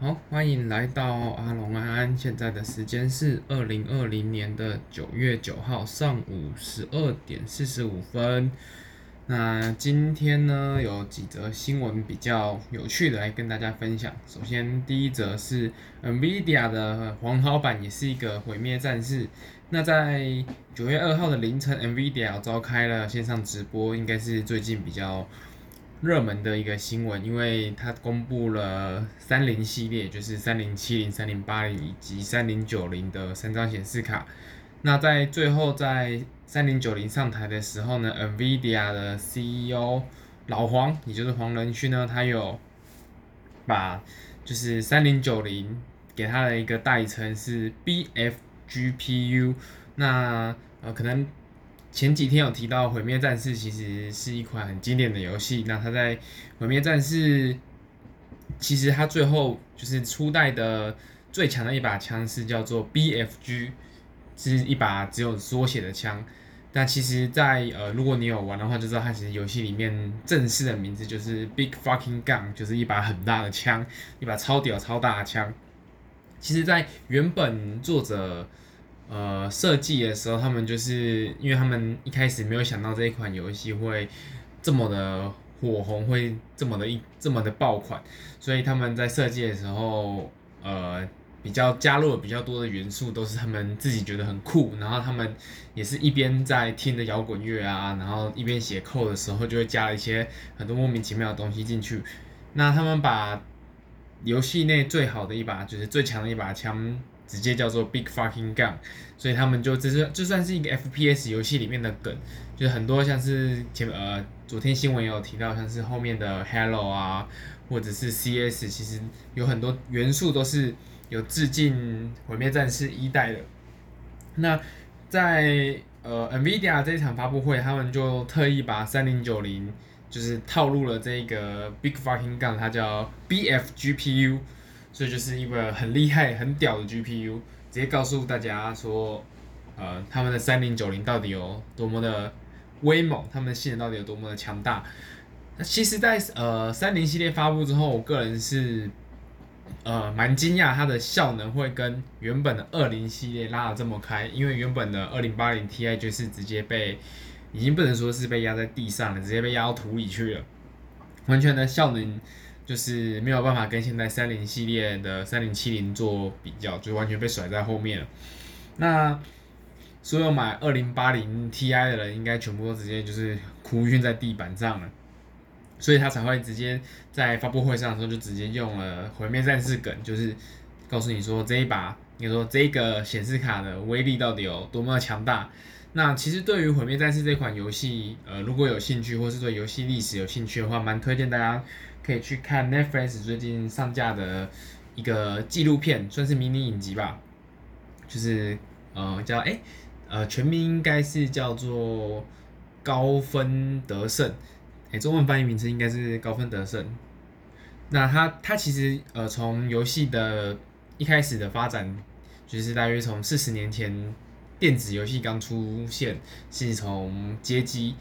好，歡迎來到阿龍安安。現在的時間是二零二零年的九月九號上午十二點四十五分。那今天呢，有幾則新聞比較有趣的來跟大家分享。首先，第一則是 NVIDIA 的黃老闆也是一個毀滅戰士。那在九月二號的凌晨，NVIDIA 召開了線上直播，應該是最近比較熱門的一個新聞，因為他公布了三零系列，就是三零七零、三零八零以及三零九零的三張顯示卡。那在最後，在三零九零上台的時候呢，NVIDIA 的 CEO 老黃，也就是黃仁勳呢，他有把就是三零九零給他的一個代稱是 BFGPU。那呃，可能。前幾天有提到《毀滅戰士》，其實是一款很經典的遊戲。那他在《毀滅戰士》，其實他最後就是初代的最強的一把槍是叫做 BFG，是一把只有縮寫的槍。但其實在，在呃，如果你有玩的話，就知道它其實遊戲裡面正式的名字就是 Big Fucking Gun，就是一把很大的槍，一把超屌超大的槍。其實，在原本作者。呃，設計的時候，他們就是因為他們一開始沒有想到這一款遊戲會這麼的火紅，會這麼的一這麼的爆款，所以他們在設計的時候，呃，比較加入了比較多的元素，都是他們自己覺得很酷。然後他們也是一邊在聽着搖滾樂啊，然後一邊寫 code 的時候，就會加了一些很多莫名其妙的東西進去。那他們把遊戲內最好的一把，就是最強的一把槍。直接叫做 Big Fucking Gun，所以他們就這是就算是一個 FPS 遊戲裡面的梗，就是很多像是前呃昨天新聞有提到，像是後面的 Halo 啊，或者是 CS，其實有很多元素都是有致敬毀滅戰士一代的。那在呃 Nvidia 這一場發布會，他們就特意把3090就是套入了這個 Big Fucking Gun，它叫 BF GPU。這就是一個很厲害、很屌的 GPU，直接告訴大家說，呃，他們的3090到底有多麼的威猛，他們的性能到底有多麼的強大。那其實在，在呃30系列發布之後，我個人是呃蠻驚訝，它的效能會跟原本的20系列拉得這麼開，因為原本的2080 Ti 就是直接被已經不能說是被壓在地上了，直接被壓到土裡去了，完全的效能。就是沒有辦法跟現在三零系列的三零七零做比較，就完全被甩在後面了。那所有買二零八零 Ti 的人，應該全部都直接就是哭暈在地板上了。所以他才會直接在發布會上的時候就直接用了毀滅戰士梗，就是告訴你說這一把，你說這個顯示卡的威力到底有多麼強大。那其實對於毀滅戰士這款遊戲，呃，如果有興趣或是對遊戲歷史有興趣的話，蠻推薦大家。可以去看 Netflix 最近上架的一個紀錄片，算是迷你影集吧，就是呃叫誒、欸，呃，全名應該是叫做《高分得勝》欸，誒，中文翻譯名稱應該是《高分得勝》，那他，那它，它其實呃，從遊戲的一開始的發展，就是大約從四十年前，電子遊戲剛出現，是從街機，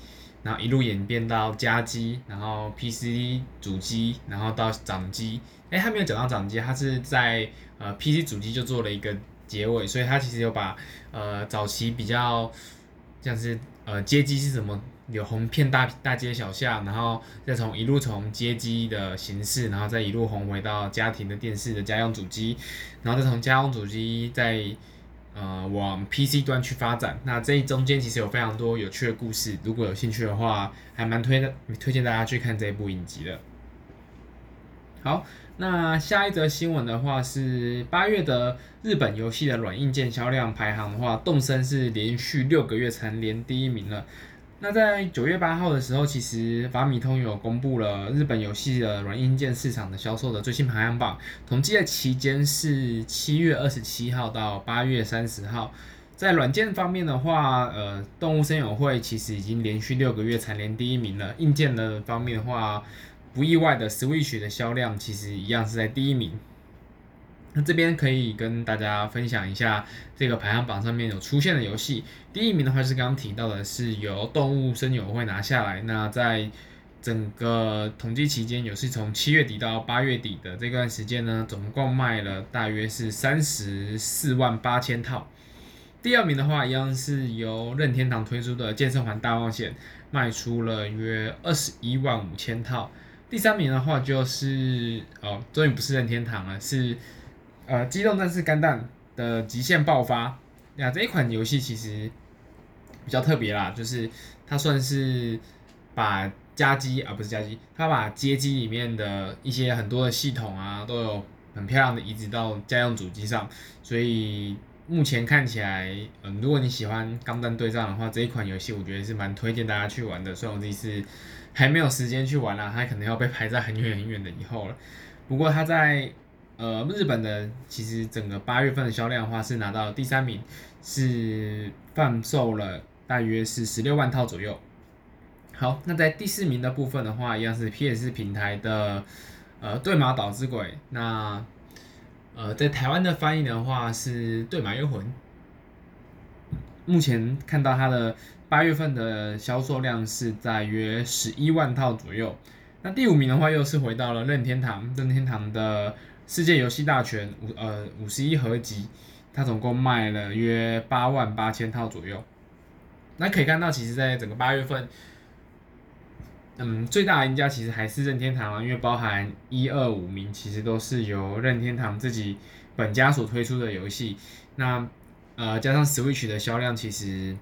然後一路演變到家機，然後 PC 主機，然後到掌機。哎，他沒有講到掌機，他是在呃 PC 主機就做了一個結尾，所以他其實有把呃早期比較像是呃街機是怎麼有紅遍大大街小巷，然後再從一路從街機的形式，然後再一路紅回到家庭的電視的家用主機，然後再從家用主機再。呃，往 PC 端去發展，那這一中間其實有非常多有趣的故事。如果有興趣的話，還蠻推的推薦大家去看這一部影集的。好，那下一則新聞的話是八月的日本遊戲的軟硬件銷量排行的話，動森是連續六個月蟬聯第一名了。那在九月八號的時候，其實法米通有公布了日本遊戲的軟硬件市場的銷售的最新排行榜。統計的期間是七月二十七號到八月三十號。在軟件方面的話，呃，動物森友會其實已經連續六個月蟬聯第一名了。硬件的方面的話，不意外的，Switch 的銷量其實一樣是在第一名。那這邊可以跟大家分享一下這個排行榜上面有出現的遊戲。第一名的話是剛剛提到的，是由動物森友會拿下來。那在整個統計期間，也是從七月底到八月底的這段時間呢，總共賣了大約是三十四萬八千套。第二名的話，一樣是由任天堂推出的《健身環大冒險》，賣出了約二十一萬五千套。第三名的話，就是哦，終於不是任天堂了，是。呃，機動戰士鋼彈的極限爆發那、啊、這一款遊戲其實比較特別啦，就是它算是把家機啊，不是家機，它把街機裡面的一些很多的系統啊，都有很漂亮的移植到家用主機上，所以目前看起來，嗯、呃，如果你喜歡鋼彈對戰的話，這一款遊戲我覺得是蠻推薦大家去玩的。雖然我這次還沒有時間去玩啦、啊，它可能要被排在很遠很遠的以後了。不過它在呃，日本的其實整個八月份的銷量的話是拿到第三名，是販售了大約是十六萬套左右。好，那在第四名的部分的話，一樣是 PS 平台的呃《對馬島之鬼》那，那呃在台灣的翻譯的話是《對馬幽魂》。目前看到它的八月份的銷售量是在約十一萬套左右。那第五名的話又是回到了任天堂，任天堂的。世界遊戲大全五呃五十一合集，它總共賣了約八萬八千套左右。那可以看到，其實在整個八月份，嗯，最大的贏家其實還是任天堂啊，因為包含一二五名，其實都是由任天堂自己本家所推出的遊戲。那呃，加上 Switch 的銷量，其實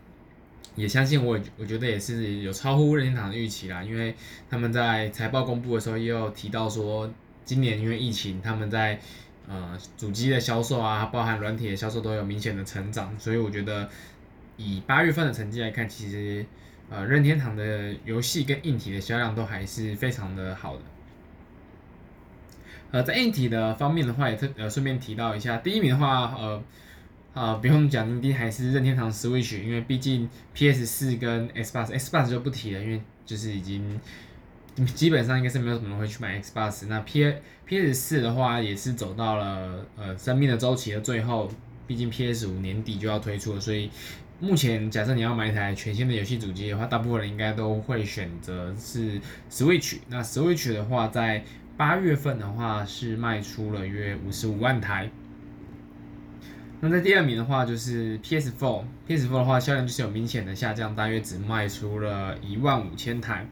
也相信我，我覺得也是有超乎任天堂的預期啦，因為他們在財報公布的時候也有提到說。今年因為疫情，他們在呃主機的銷售啊，包含軟體的銷售都有明顯的成長，所以我覺得以八月份的成績來看，其實呃任天堂的遊戲跟硬體的銷量都還是非常的好的。呃，在硬體的方面的話，也特呃順便提到一下，第一名的話，呃，呃不用講，一定還是任天堂 Switch，因為畢竟 PS 四跟 S8 S8 就不提了，因為就是已經。基本上應該是沒有什麼人會去買 Xbox。那 P S P S 四的話也是走到了呃生命的周期的最後，畢竟 P S 五年底就要推出了，所以目前假設你要買一台全新的遊戲主機的話，大部分人應該都會選擇是 Switch。那 Switch 的話，在八月份的話是賣出了約五十五萬台。那在第二名的話就是 P S four，P S four 的話銷量就是有明顯的下降，大約只賣出了一萬五千台。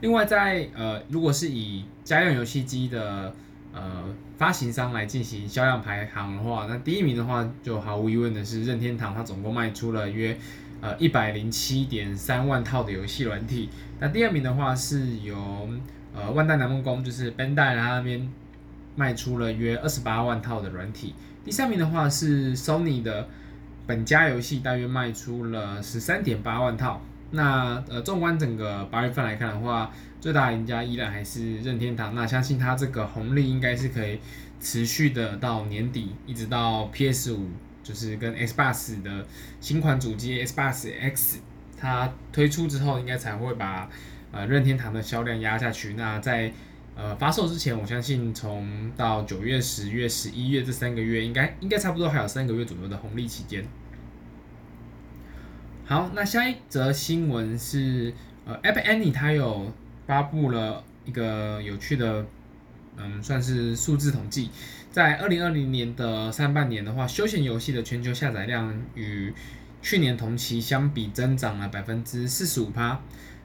另外在，在呃，如果是以家用遊戲機的呃發行商來進行銷量排行的話，那第一名的話就毫無疑問的是任天堂，它總共賣出了約呃一百零七點三萬套的遊戲軟體。那第二名的話是由呃萬代南夢宮，就是 b e n d a i 那邊賣出了約二十八萬套的軟體。第三名的話是 Sony 的本家遊戲，大約賣出了十三點八萬套。那呃，縱觀整個八月份來看的話，最大贏家依然還是任天堂。那相信它這個紅利應該是可以持續的到年底，一直到 PS 五，就是跟 Xbox 的新款主機 Xbox X 它推出之後，應該才會把呃任天堂的銷量壓下去。那在呃發售之前，我相信從到九月、十月、十一月這三個月，應該應該差不多還有三個月左右的紅利期間。好，那下一則新聞是，呃，App Annie 它有發布了一個有趣的，嗯，算是數字統計，在二零二零年的上半年的話，休閒遊戲的全球下載量與去年同期相比增長了百分之四十五趴。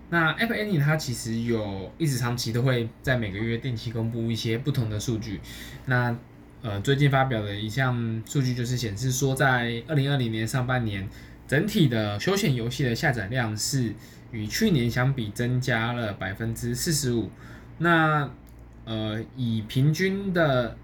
那 App Annie 它其實有一直長期都會在每個月定期公布一些不同的數據，那呃，最近發表的一項數據就是顯示說，在二零二零年上半年。整體的休閒遊戲的下載量是與去年相比增加了百分之四十五。那呃，以平均的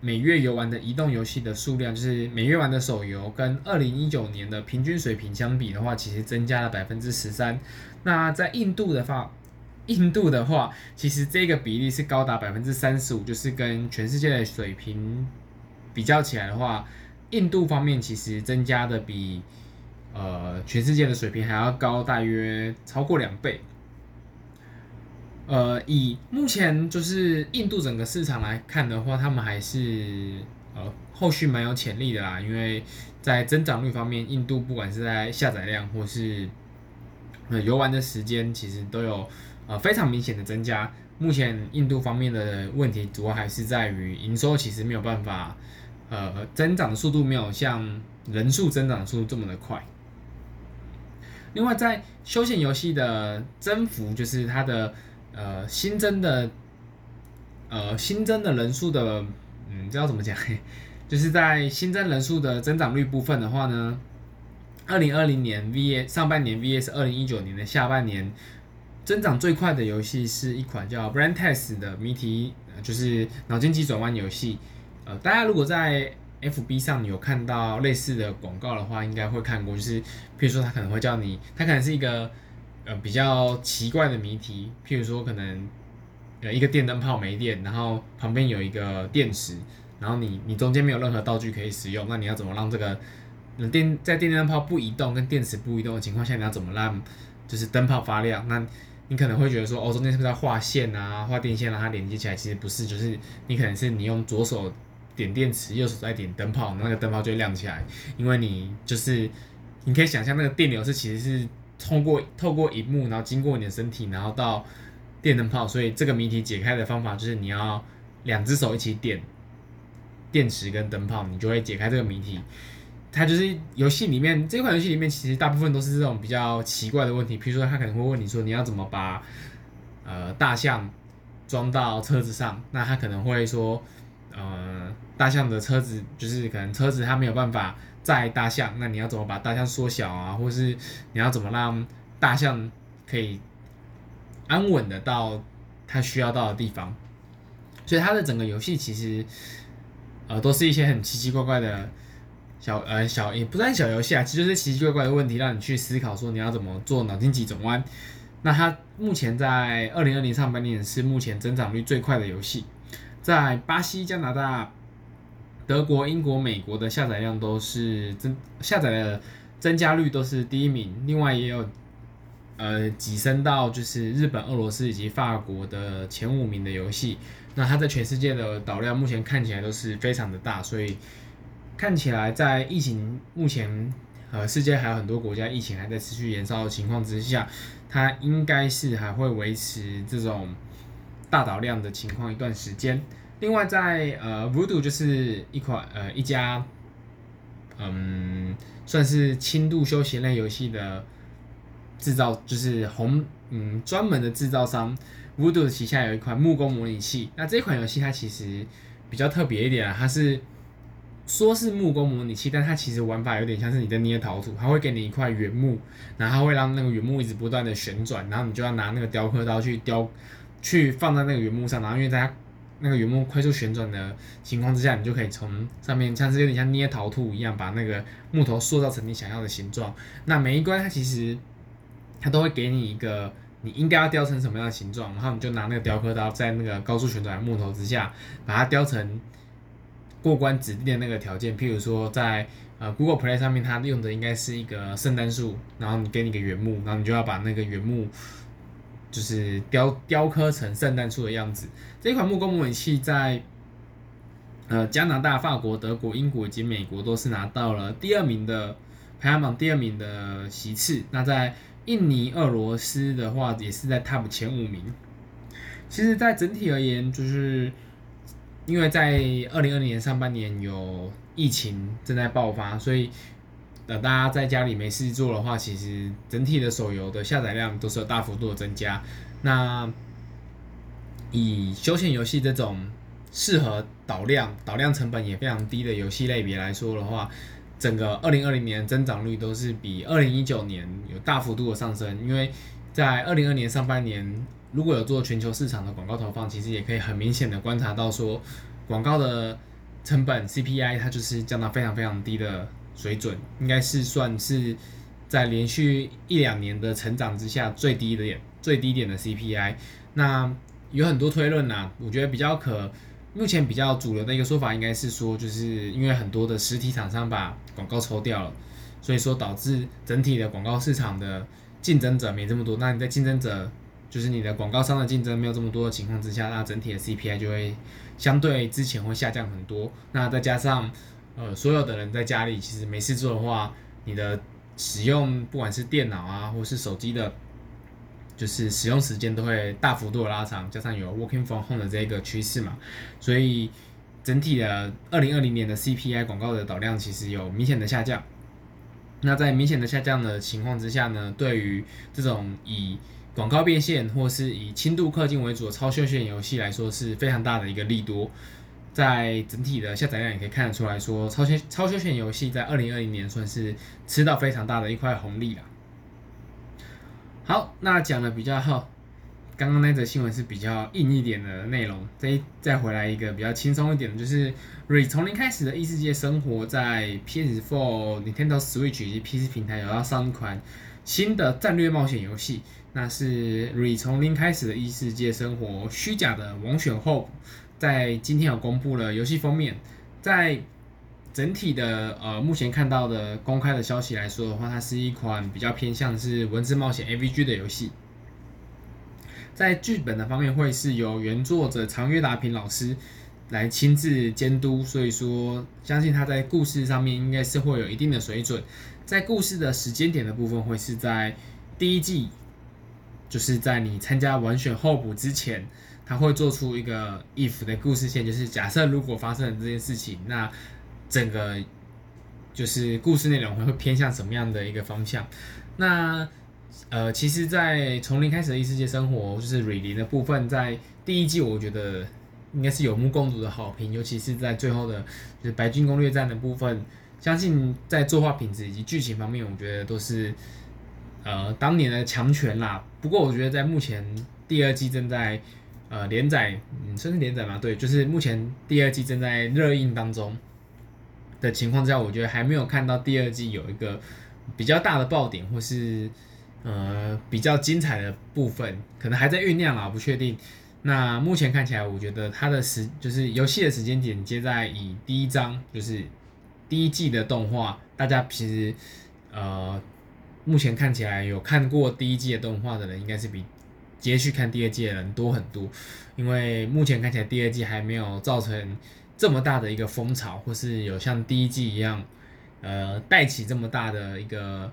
每月遊玩的移動遊戲的數量，就是每月玩的手遊，跟二零一九年的平均水平相比的話，其實增加了百分之十三。那在印度的話，印度的話，其實這個比例是高達百分之三十五，就是跟全世界的水平比較起來的話，印度方面其實增加的比。呃，全世界的水平還要高，大約超過兩倍。呃，以目前就是印度整個市場來看的話，他們還是呃後續蠻有潛力的啦。因為在增長率方面，印度不管是在下載量或是呃遊玩的時間，其實都有呃非常明顯的增加。目前印度方面的問題主要還是在於營收，其實沒有辦法呃增長的速度沒有像人數增長的速度這麼的快。另外，在休閒遊戲的增幅，就是它的呃新增的呃新增的人數的，嗯，不知道怎麼講？就是在新增人數的增長率部分的話呢，二零二零年 VS 上半年 VS 二零一九年的下半年增長最快的遊戲是一款叫 Brand Test 的謎題，就是腦筋急轉彎遊戲。呃，大家如果在 F B 上你有看到類似的廣告的話，應該會看過，就是比如說他可能會叫你，他可能是一個呃比較奇怪的謎題，譬如說可能呃一個電燈泡沒電，然後旁邊有一個電池，然後你你中間沒有任何道具可以使用，那你要怎麼讓這個電在電燈泡不移動跟電池不移動的情況下，你要怎麼讓就是燈泡發亮？那你可能會覺得說哦中間是不是在畫線啊，畫電線讓、啊、它連接起來？其實不是，就是你可能是你用左手。點電池，右手再點燈泡，那個燈泡就會亮起來。因為你就是，你可以想象那個電流是其實是通過透過熒幕，然後經過你的身體，然後到電燈泡。所以這個謎題解開的方法就是你要兩隻手一起點電池跟燈泡，你就會解開這個謎題。它就是遊戲裡面這一款遊戲裡面其實大部分都是這種比較奇怪的問題，譬如說他可能會問你說，你要怎麼把呃大象裝到車子上？那他可能會說。呃，大象的車子就是可能車子它沒有辦法載大象，那你要怎麼把大象縮小啊？或是你要怎麼讓大象可以安穩的到它需要到的地方？所以它的整個遊戲其實呃都是一些很奇奇怪怪的小呃小也不算小遊戲啊，其實就是奇奇怪怪的問題，讓你去思考說你要怎麼做腦筋急轉彎。那它目前在二零二零上半年是目前增長率最快的遊戲。在巴西、加拿大、德國、英國、美國的下載量都是增下載的增加率都是第一名，另外也有呃躋身到就是日本、俄羅斯以及法國的前五名的遊戲。那它在全世界的導量目前看起來都是非常的大，所以看起來在疫情目前呃世界還有很多國家疫情還在持續延燒的情況之下，它應該是還會維持這種。大導量的情況一段時間。另外在，在呃，Voodoo 就是一款呃一家，嗯，算是輕度休閒類遊戲的製造，就是紅嗯專門的製造商。Voodoo 旗下有一款木工模擬器。那這款遊戲它其實比較特別一點啊，它是說是木工模擬器，但它其實玩法有點像是你在捏陶土。它會給你一塊原木，然後它會讓那個原木一直不斷的旋轉，然後你就要拿那個雕刻刀去雕。去放在那個原木上，然後因為在它那個原木快速旋轉的情況之下，你就可以從上面，像是有點像捏陶土一樣，把那個木頭塑造成你想要的形狀。那每一關它其實它都會給你一個你應該要雕成什麼樣的形狀，然後你就拿那個雕刻刀在那個高速旋轉的木頭之下把它雕成過關指定的那個條件。譬如說在呃 Google Play 上面，它用的應該是一個聖誕樹，然後你給你一個原木，然後你就要把那個原木。就是雕雕刻成聖誕樹的樣子。這款木工模擬器在呃加拿大、法國、德國、英國以及美國都是拿到了第二名的排行榜第二名的席次。那在印尼、俄羅斯的話，也是在 Top 前五名。其實，在整體而言，就是因為在二零二零年上半年有疫情正在爆發，所以。那大家在家裡沒事做的話，其實整體的手遊的下載量都是有大幅度的增加。那以休閒遊戲這種適合導量、導量成本也非常低的遊戲類別來說的話，整個二零二零年增長率都是比二零一九年有大幅度的上升。因為在二零二零年上半年，如果有做全球市場的廣告投放，其實也可以很明顯的觀察到說，廣告的成本 CPI 它就是降到非常非常低的。水準應該是算是在連續一兩年的成長之下最低的最低點的 CPI。那有很多推論吶、啊，我覺得比較可目前比較主流的一個說法應該是說，就是因為很多的實體廠商把廣告抽掉了，所以說導致整體的廣告市場的競爭者沒這麼多。那你在競爭者就是你的廣告商的競爭沒有這麼多的情況之下，那整體的 CPI 就會相對之前會下降很多。那再加上。呃，所有的人在家裡其實沒事做的話，你的使用不管是電腦啊，或是手機的，就是使用時間都會大幅度的拉長，加上有 working from home 的這個趨勢嘛，所以整體的2020年的 CPI 廣告的導量其實有明顯的下降。那在明顯的下降的情況之下呢，對於這種以廣告變現或是以輕度氪金為主的超休閒遊戲來說，是非常大的一個利多。在整體的下載量也可以看得出來說，超休超休閒遊戲在二零二零年算是吃到非常大的一塊紅利了。好，那講了比較、哦、剛剛那則新聞是比較硬一點的內容，這一再回來一個比較輕鬆一點的，就是《Re: 從零開始的異世界生活》在 PS4、Nintendo Switch 以及 PC 平台有要上一款新的戰略冒險遊戲，那是《Re: 從零開始的異世界生活》虛假的王選後。在今天有公布了遊戲封面，在整體的呃目前看到的公開的消息來說的話，它是一款比較偏向是文字冒險 AVG 的遊戲。在劇本的方面會是由原作者長月達平老師來親自監督，所以說相信他在故事上面應該是會有一定的水準。在故事的時間點的部分會是在第一季，就是在你參加完選候補之前。他會做出一個 if 的故事線，就是假設如果發生了這件事情，那整個就是故事內容會會偏向什麼樣的一個方向？那呃，其實，在從零開始的異世界生活就是 re 零的部分，在第一季我覺得應該是有目共睹的好評，尤其是在最後的，就是白鯨攻略戰的部分，相信在作畫品質以及劇情方面，我覺得都是呃當年的強權啦。不過我覺得在目前第二季正在。呃，連載，嗯，算是連載嗎？對，就是目前第二季正在熱映當中的情況之下，我覺得還沒有看到第二季有一個比較大的爆點，或是呃比較精彩的部分，可能還在醞釀啦，不確定。那目前看起來，我覺得它的時就是遊戲的時間點接在以第一章，就是第一季的動畫，大家其實呃，目前看起來有看過第一季的動畫的人，應該是比。接續看第二季的人多很多，因為目前看起來第二季還沒有造成這麼大的一個風潮，或是有像第一季一樣，呃，帶起這麼大的一個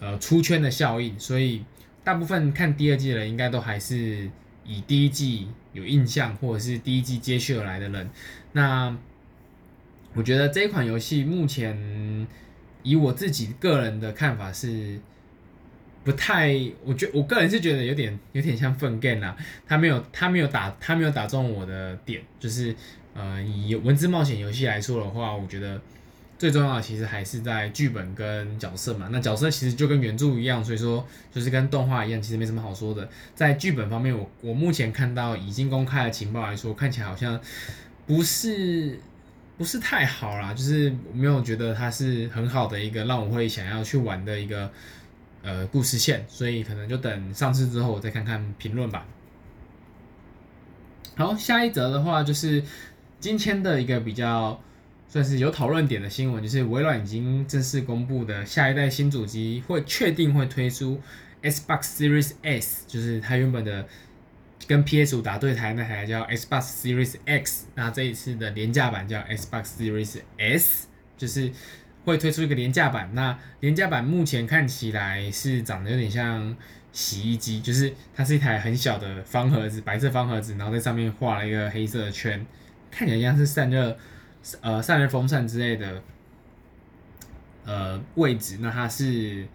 呃出圈的效應，所以大部分看第二季的人應該都還是以第一季有印象，或者是第一季接續而來的人。那我覺得這一款遊戲目前以我自己個人的看法是。不太，我覺我個人是覺得有點有點像分 gun 啦，他沒有他沒有打他沒有打中我的點，就是呃以文字冒險遊戲來說的話，我覺得最重要的其實還是在劇本跟角色嘛。那角色其實就跟原著一樣，所以說就是跟動畫一樣，其實沒什麼好說的。在劇本方面，我我目前看到已經公開的情報來說，看起來好像不是不是太好啦，就是沒有覺得它是很好的一個讓我會想要去玩的一個。呃，故事線，所以可能就等上市之後，我再看看評論吧。好，下一則的話就是今天的一個比較算是有討論點的新聞，就是微軟已經正式公布的下一代新主機會確定會推出 Xbox Series S，就是它原本的跟 PS5 打對台那台叫 Xbox Series X，那這一次的廉價版叫 Xbox Series S，就是。會推出一個廉價版，那廉價版目前看起來是長得有點像洗衣機，就是它是一台很小的方盒子，白色方盒子，然後在上面畫了一個黑色的圈，看起來像是散熱，呃，散熱風扇之類的，呃，位置。那它是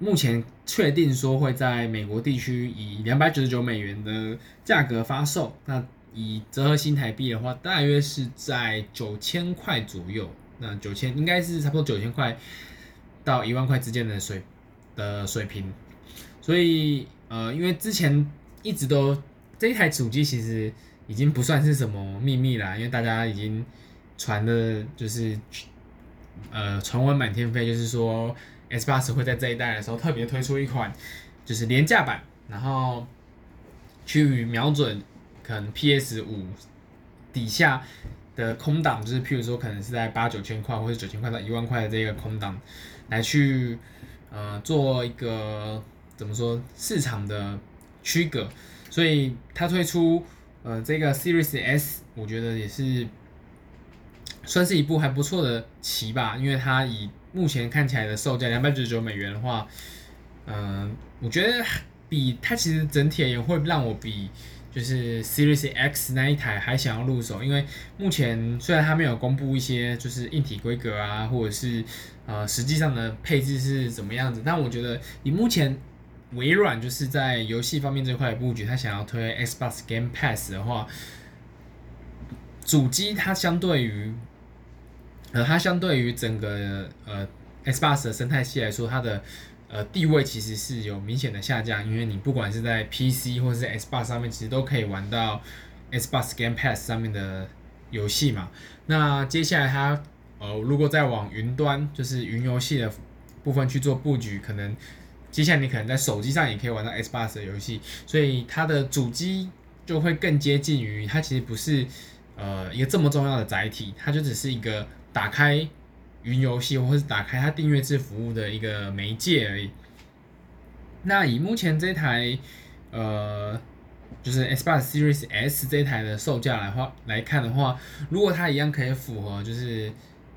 目前確定說會在美國地區以兩百九十九美元的價格發售，那以折合新台幣的話，大約是在九千塊左右。那九千應該是差不多九千塊到一萬塊之間的水的水平，所以呃，因為之前一直都這一台主機其實已經不算是什麼秘密了，因為大家已經傳的就是呃，傳聞滿天飛，就是說 Xbox 會在這一代的時候特別推出一款就是廉價版，然後去瞄準可能 PS 五底下的空檔就是，譬如說，可能是在八九千塊或者九千塊到一萬塊的這個空檔，來去，呃，做一個怎麼說市場的區隔，所以它推出，呃，這個 Series S，我覺得也是算是一部還不錯的棋吧，因為它以目前看起來的售價兩百九十九美元的話，嗯、呃，我覺得比它其實整體也會讓我比。就是 Series X 那一台還想要入手，因為目前雖然它沒有公布一些就是硬體規格啊，或者是呃實際上的配置是怎麼樣子，但我覺得以目前微軟就是在遊戲方面這塊佈局，它想要推 Xbox Game Pass 的話，主機它相對於呃它相對於整個呃 Xbox 的生態系來說，它的。呃，地位其實是有明顯的下降，因為你不管是在 PC 或者是 Xbox 上面，其實都可以玩到 Xbox Game Pass 上面的遊戲嘛。那接下來它，呃，如果再往雲端，就是雲遊戲的部分去做布局，可能接下來你可能在手機上也可以玩到 Xbox 的遊戲，所以它的主機就會更接近於它其實不是呃一個這麼重要的載體，它就只是一個打開。雲遊戲，或者是打開它訂閱制服務的一個媒介而已。那以目前這台，呃，就是 Xbox Series S 這一台的售價來話來看的話，如果它一樣可以符合，就是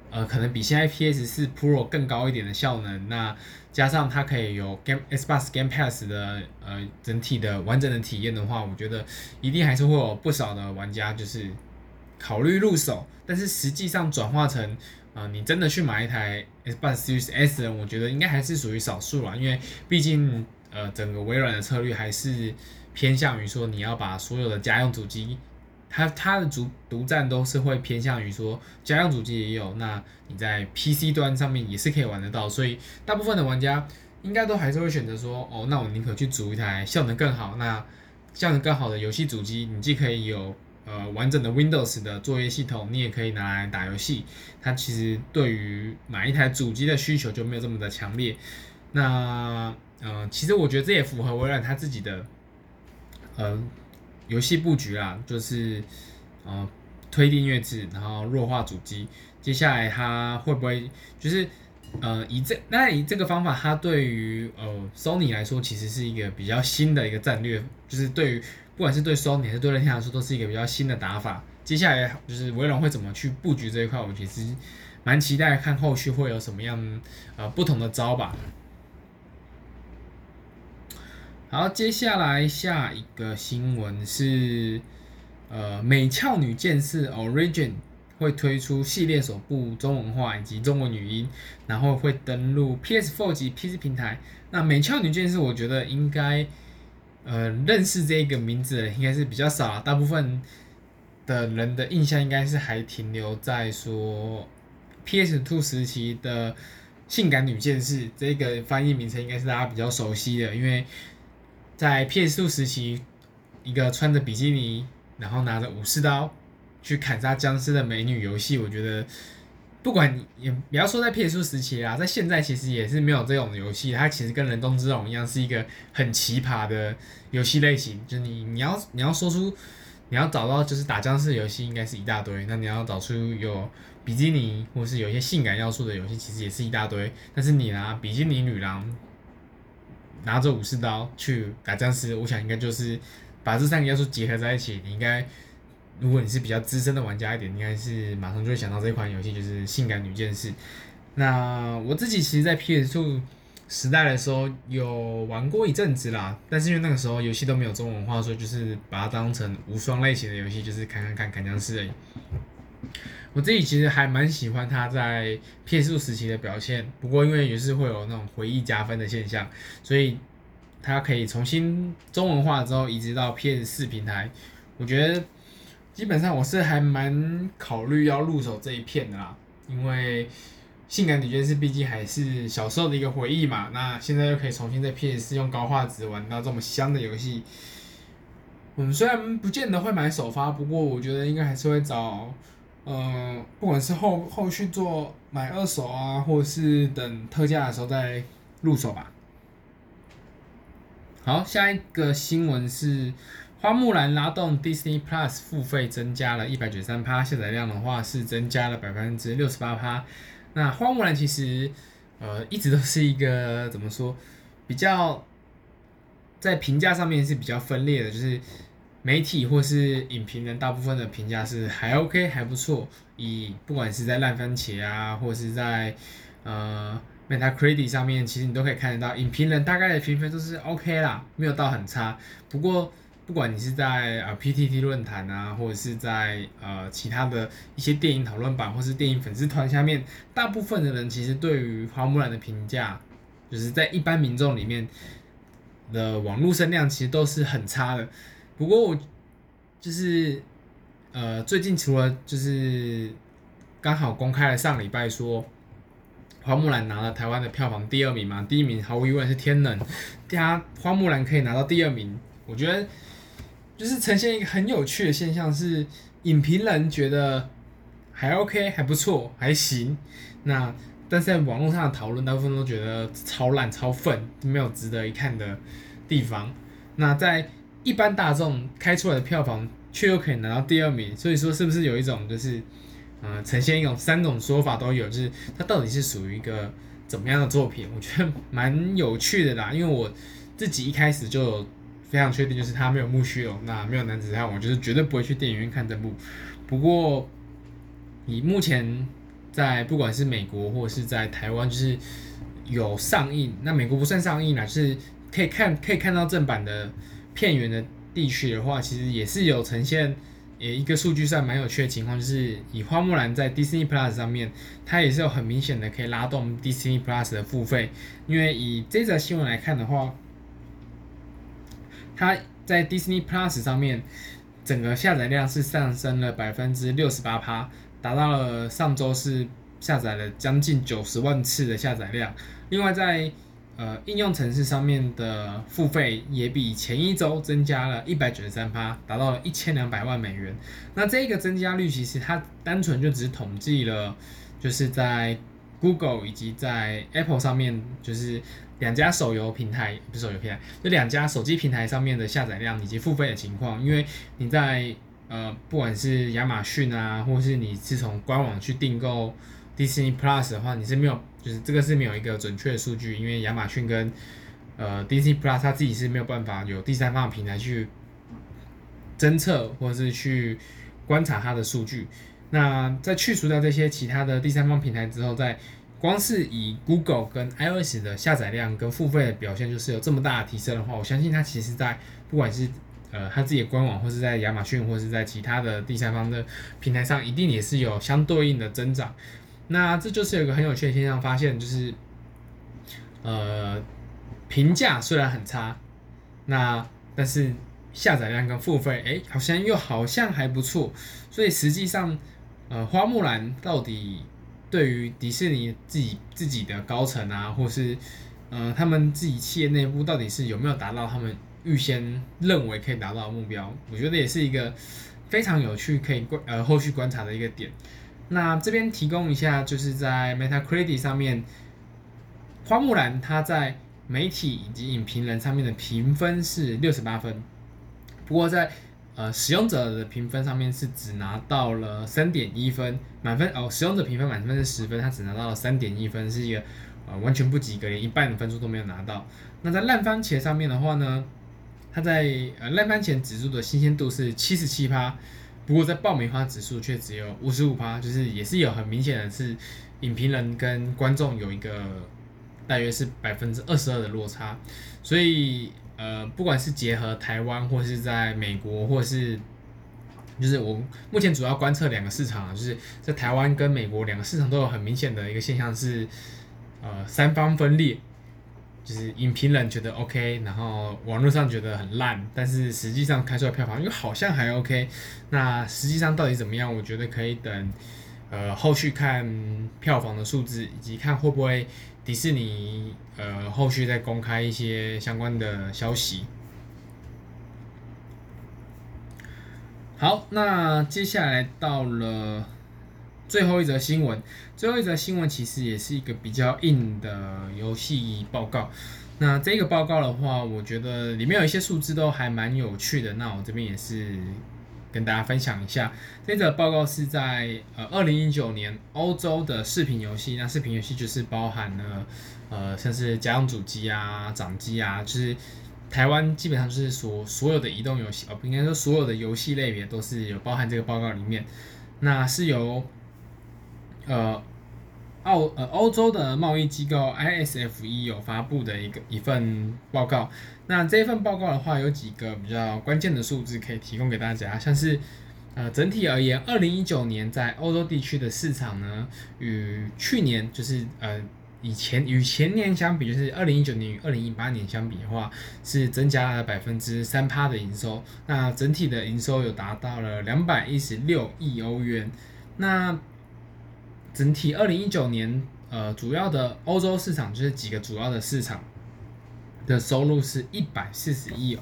呃，可能比現在 PS4 Pro 更高一點的效能，那加上它可以有 Xbox Game Pass 的呃整體的完整的體驗的話，我覺得一定還是會有不少的玩家就是考慮入手，但是實際上轉化成。啊、呃，你真的去買一台 Xbox Series S？我覺得應該還是屬於少數了、啊，因為畢竟呃，整個微軟的策略還是偏向於說，你要把所有的家用主機，它它的獨獨占都是會偏向於說，家用主機也有，那你在 PC 端上面也是可以玩得到，所以大部分的玩家應該都還是會選擇說，哦，那我寧可去組一台效能更好、那效能更好的遊戲主機，你既可以有。呃，完整的 Windows 的作業系統，你也可以拿來打遊戲。它其實對於買一台主機的需求就沒有這麼的強烈。那，呃，其實我覺得這也符合微軟它自己的，呃，遊戲布局啦，就是，呃，推訂閱制，然後弱化主機。接下來它會不會就是，呃，以這那以這個方法，它對於呃 Sony 來說，其實是一個比較新的一個戰略，就是對於。不管是對雙點還是對任天堂來說，都是一個比較新的打法。接下來就是微軟會怎麼去布局這一塊，我覺得蠻期待看後續會有什麼樣、呃、不同的招吧。好，接下來下一個新聞是呃美俏女劍士 Origin 會推出系列首部中文化以及中文語音，然後會登陸 PS4 及 PC 平台。那美俏女劍士，我覺得應該。呃，認識這個名字的應該是比較少啊，大部分的人的印象應該是還停留在說 PS2 時期的性感女劍士，這個翻譯名稱應該是大家比較熟悉的，因為在 PS2 時期，一個穿着比基尼，然後拿着武士刀去砍殺僵屍的美女遊戲，我覺得。不管你，不也要說在 PS 時期啊，在現在其實也是沒有這種遊戲。它其實跟《人中之龍》一樣，是一個很奇葩的遊戲類型。就是、你，你要，你要說出，你要找到，就是打僵屍遊戲，應該是一大堆。那你要找出有比基尼，或是有些性感要素的遊戲，其實也是一大堆。但是你拿比基尼女郎拿着武士刀去打僵屍，我想應該就是把這三個要素結合在一起，你應該。如果你是比較資深的玩家一點，應該是馬上就會想到這款遊戲，就是《性感女劍士》。那我自己其實，在 PS 2時代的時候有玩過一陣子啦，但是因為那個時候遊戲都沒有中文化，所以就是把它當成無雙類型的遊戲，就是砍砍砍砍殭屍而已。我自己其實還蠻喜歡它在 PS 2時期的表現，不過因為也是會有那種回憶加分的現象，所以它可以重新中文化之後移植到 PS 四平台，我覺得。基本上我是還蠻考慮要入手這一片的啦，因為性感女劍士畢竟還是小時候的一個回憶嘛。那現在又可以重新在 PS 用高畫質玩到這麼香的遊戲，我們雖然不見得會買首發，不過我覺得應該還是會找，嗯、呃，不管是後後續做買二手啊，或者是等特價的時候再入手吧。好，下一個新聞是。花木蘭拉動 Disney Plus 付費增加了一百九十三趴，下載量的話是增加了百分之六十八趴。那花木蘭其實呃一直都是一個怎麼說比較在評價上面是比較分裂的，就是媒體或是影評人大部分的評價是還 OK 還不錯。以不管是在爛番茄啊，或是在呃 Metacritic 上面，其實你都可以看得到影評人大概的評分都是 OK 啦，沒有到很差。不過不管你是在啊、呃、PTT 論壇啊，或者是在呃其他的一些電影討論版，或是電影粉絲團下面，大部分的人其實對於花木蘭的評價，就是在一般民眾裡面的網絡聲量，其實都是很差的。不過我就是呃最近除了就是剛好公開了上禮拜說花木蘭拿了台灣的票房第二名嘛，第一名毫無疑問是天能，第二，花木蘭可以拿到第二名，我覺得。就是呈現一個很有趣的現象，是影評人覺得還 OK，還不錯，還行。那但是在網絡上的討論，大部分都覺得超爛、超糞，沒有值得一看的地方。那在一般大眾開出來的票房卻又可以拿到第二名，所以說是不是有一種就是，嗯、呃，呈現一種三種說法都有，就是它到底是屬於一個怎麼樣的作品？我覺得蠻有趣的啦，因為我自己一開始就有。非常確定，就是他沒有木須龍，那沒有男子漢，我就是絕對不會去電影院看這部。不過，以目前在不管是美國或是在台灣，就是有上映，那美國不算上映啦，就是可以看可以看到正版的片源的地區的話，其實也是有呈現，也一個數據上蠻有趣的情況，就是以花木蘭在 Disney Plus 上面，它也是有很明顯的可以拉動 Disney Plus 的付費，因為以這則新聞來看的話。它在 Disney Plus 上面，整個下載量是上升了百分之六十八趴，達到了上周是下載了將近九十萬次的下載量。另外在，在呃應用程式上面的付費也比前一周增加了一百九十三趴，達到了一千兩百萬美元。那這個增加率其實它單純就只統計了，就是在 Google 以及在 Apple 上面就是。兩家手遊平台，不是手遊平台，就兩家手機平台上面的下載量以及付費的情況，因為你在呃不管是亞馬遜啊，或是你是從官網去訂購 Disney Plus 的話，你是沒有，就是這個是沒有一個準確的數據，因為亞馬遜跟呃 Disney Plus 它自己是沒有辦法有第三方的平台去偵測或者是去觀察它的數據。那在去除掉這些其他的第三方平台之後，再光是以 Google 跟 iOS 的下載量跟付費的表現，就是有這麼大的提升的話，我相信它其實，在不管是呃它自己的官網，或是在亞馬遜，或是在其他的第三方的平台上，一定也是有相對應的增長。那這就是有一個很有趣的現象發現，就是呃評價雖然很差，那但是下載量跟付費，哎，好像又好像還不錯。所以實際上，呃，花木蘭到底，對於迪士尼自己自己的高層啊，或是嗯、呃，他們自己企業內部到底是有沒有達到他們預先認為可以達到的目標？我覺得也是一個非常有趣可以觀呃後續觀察的一個點。那這邊提供一下，就是在 Metacritic 上面，《花木蘭》它在媒體以及影評人上面的評分是六十八分，不過在。呃，使用者的評分上面是只拿到了三點一分，滿分哦，使用者評分滿分是十分，他只拿到了三點一分，是一個、呃、完全不及格，連一半的分數都沒有拿到。那在爛番茄上面的話呢，它在呃爛番茄指數的新鮮度是七十七趴，不過在爆米花指數卻只有五十五趴，就是也是有很明顯的，是影評人跟觀眾有一個大約是百分之二十二的落差，所以。呃，不管是結合台灣，或是在美國，或是就是我目前主要觀測兩個市場，就是在台灣跟美國兩個市場都有很明顯的一個現象是，呃，三方分裂，就是影評人覺得 OK，然後網絡上覺得很爛，但是實際上開出來的票房又好像還 OK，那實際上到底怎麼樣？我覺得可以等。呃，後續看票房的數字，以及看會不會迪士尼，呃，後續再公開一些相關的消息。好，那接下來到了最後一則新聞，最後一則新聞其實也是一個比較硬的遊戲報告。那這個報告的話，我覺得裡面有一些數字都還蠻有趣的。那我這邊也是。跟大家分享一下，這個報告是在呃，二零一九年歐洲的視頻遊戲，那視頻遊戲就是包含了呃，像是家用主機啊、掌機啊，就是台灣基本上就是所所有的移動遊戲哦，不、呃、應該說所有的遊戲類別都是有包含這個報告裡面，那是由呃。澳呃，歐洲的貿易機構 ISFE 有發布的一個一份報告。那這份報告的話，有幾個比較關鍵的數字可以提供給大家，像是呃，整體而言，二零一九年在歐洲地區的市場呢，與去年就是呃以前與前年相比，就是二零一九年與二零一八年相比的話，是增加了百分之三趴的營收。那整體的營收有達到了兩百一十六億歐元。那整體二零一九年，呃，主要的歐洲市場，就是幾個主要的市場的收入是一百四十億，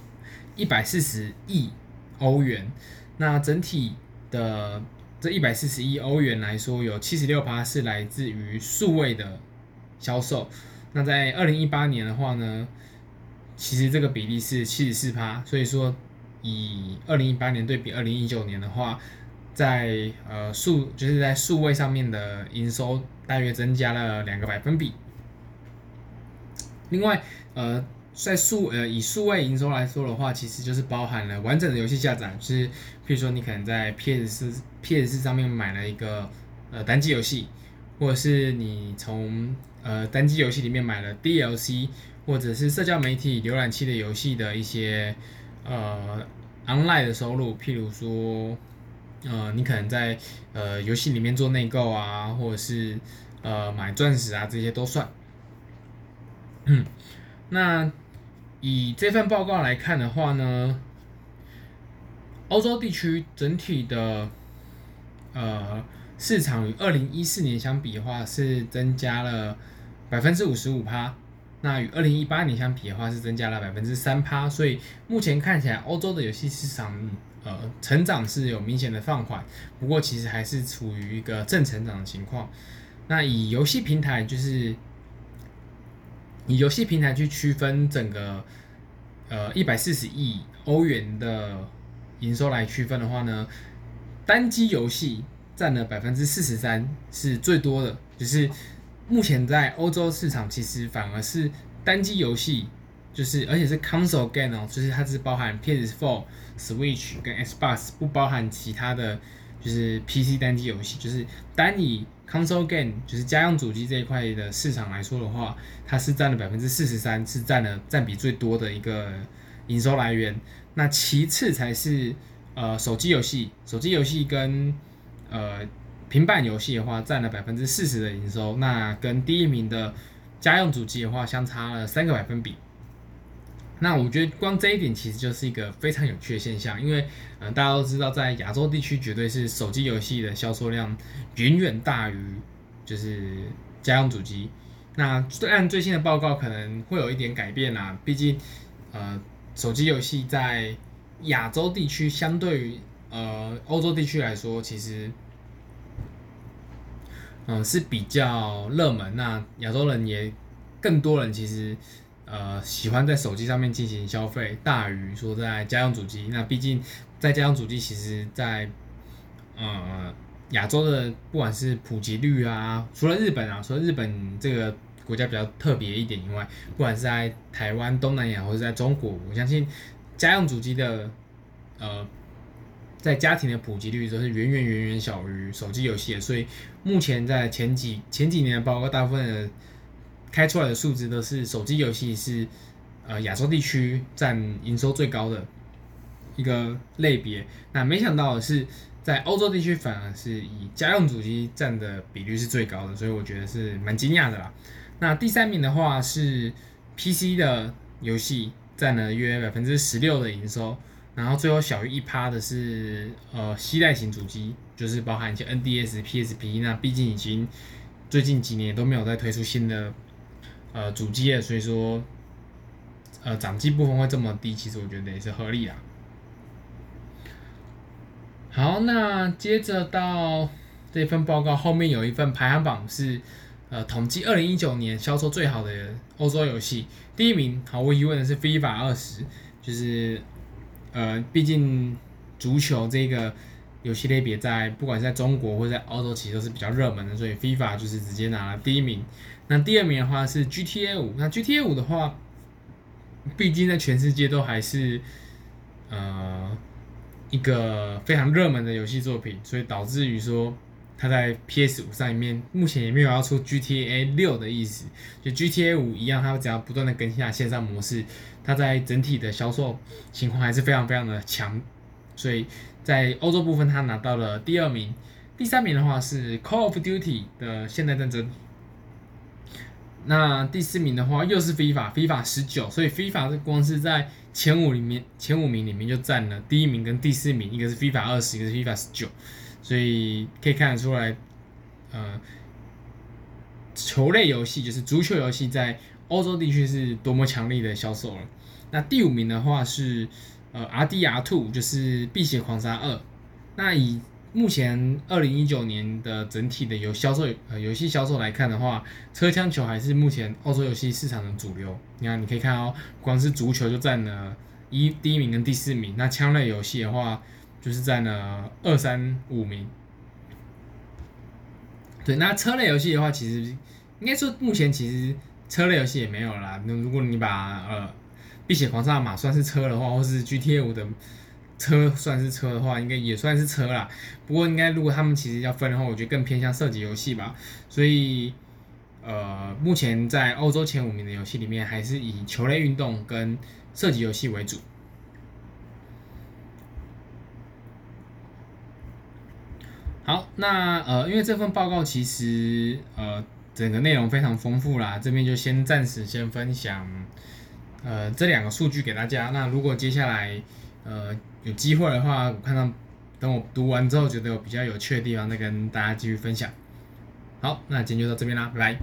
一百四十億歐元。那整體的這一百四十億歐元來說，有七十六趴是來自於數位的銷售。那在二零一八年的話呢，其實這個比例是七十四趴。所以說，以二零一八年對比二零一九年的話，在呃數就是在數位上面的營收大約增加了兩個百分比。另外，呃，在數呃以數位營收來說的話，其實就是包含了完整的遊戲下載，就是比如說你可能在 PS4 PS4 上面買了一個呃單機遊戲，或者是你從呃單機遊戲裡面買了 DLC，或者是社交媒體瀏覽器的遊戲的一些呃 online 的收入，譬如說。呃，你可能在呃遊戲裡面做內購啊，或者是呃買鑽石啊，這些都算。嗯，那以這份報告來看的話呢，歐洲地區整體的呃市場與二零一四年相比的話是增加了百分之五十五趴，那與二零一八年相比的話是增加了百分之三趴，所以目前看起來歐洲的遊戲市場。呃，成長是有明顯的放緩，不過其實還是處於一個正成長的情況。那以遊戲平台，就是以遊戲平台去區分整個呃一百四十億歐元的營收來區分的話呢，單機遊戲占了百分之四十三是最多的，就是目前在歐洲市場其實反而是單機遊戲。就是，而且是 console game 哦，就是它是包含 PS4、Switch 跟 Xbox，不包含其他的，就是 PC 單機遊戲。就是單以 console game，就是家用主機這一塊的市場來說的話，它是占了百分之四十三，是占了占比最多的一個營收來源。那其次才是呃手機遊戲，手機遊戲跟呃平板遊戲的話，占了百分之四十的營收。那跟第一名的家用主機的話，相差了三個百分比。那我覺得光這一點其實就是一個非常有趣的現象，因為、呃、大家都知道，在亞洲地區絕對是手機遊戲的銷售量遠遠大於就是家用主機。那按最新的報告可能會有一點改變啦，畢竟呃手機遊戲在亞洲地區相對於呃歐洲地區來說，其實嗯、呃、是比較熱門。那亞洲人也更多人其實。呃，喜歡在手機上面進行消費大於說在家用主機。那畢竟在家用主機，其實在呃亞洲的不管是普及率啊，除了日本啊，除了日本這個國家比較特別一點以外，不管是在台灣、東南亞或者是在中國，我相信家用主機的呃在家庭的普及率都是遠遠遠遠小於手機遊戲的。所以目前在前幾前幾年，包括大部分。開出來的數值都是手機遊戲是，呃，亞洲地區佔營收最高的一個類別。那沒想到的是，在歐洲地區反而是以家用主機佔的比率是最高的，所以我覺得是蠻驚訝的啦。那第三名的話是 PC 的遊戲佔了約百分之十六的營收，然後最後小於一趴的是呃，攜帶型主機，就是包含一些 NDS PSP。那畢竟已經最近幾年都沒有再推出新的。呃，主機業，所以說，呃，掌機部分會這麼低，其實我覺得也是合理的。好，那接着到這份報告後面有一份排行榜是，是呃，統計二零一九年銷售最好的歐洲遊戲，第一名毫無疑問的是《FIFA 二十》，就是呃，畢竟足球這個。遊戲類別，在不管是在中國或者在歐洲其實都是比較熱門的，所以 FIFA 就是直接拿了第一名。那第二名的話是 GTA 五，那 GTA 五的話，畢竟在全世界都還是呃一個非常熱門的遊戲作品，所以導致於說它在 PS 五上面目前也沒有要出 GTA 六的意思，就 GTA 五一樣，它只要不斷的更新它線上模式，它在整體的銷售情況還是非常非常的強。所以在歐洲部分，他拿到了第二名。第三名的話是《Call of Duty》的《現代戰爭》。那第四名的話又是《FIFA》，《FIFA》十九。所以《FIFA》是光是在前五裡面，前五名裡面就佔了第一名跟第四名，一個是《FIFA》二十，一個是《FIFA》十九。所以可以看得出來，呃，球類遊戲就是足球遊戲，在歐洲地區是多麼強力的銷售了。那第五名的話是。呃，《R D R Two》就是《碧血狂殺二》。那以目前二零一九年的整體的遊銷售呃遊戲銷售來看的話，車槍球還是目前歐洲遊戲市場的主流。你看，你可以看哦，光是足球就占了一第一名跟第四名。那槍類遊戲的話，就是占了二三五名。對，那車類遊戲的話，其實應該說目前其實車類遊戲也沒有啦。那如果你把呃。《碧血狂殺》的馬算是車的話，或是《GTA 五》的車算是車的話，應該也算是車啦。不過，應該如果他們其實要分的話，我覺得更偏向射擊遊戲吧。所以，呃，目前在歐洲前五名的遊戲裡面，還是以球類運動跟射擊遊戲為主。好，那呃，因為這份報告其實呃，整個內容非常豐富啦，這邊就先暫時先分享。呃，這兩個數據給大家。那如果接下來呃有機會的話，我看看等我讀完之後，覺得有比較有趣的地方，再跟大家繼續分享。好，那今天就到這邊啦，拜拜。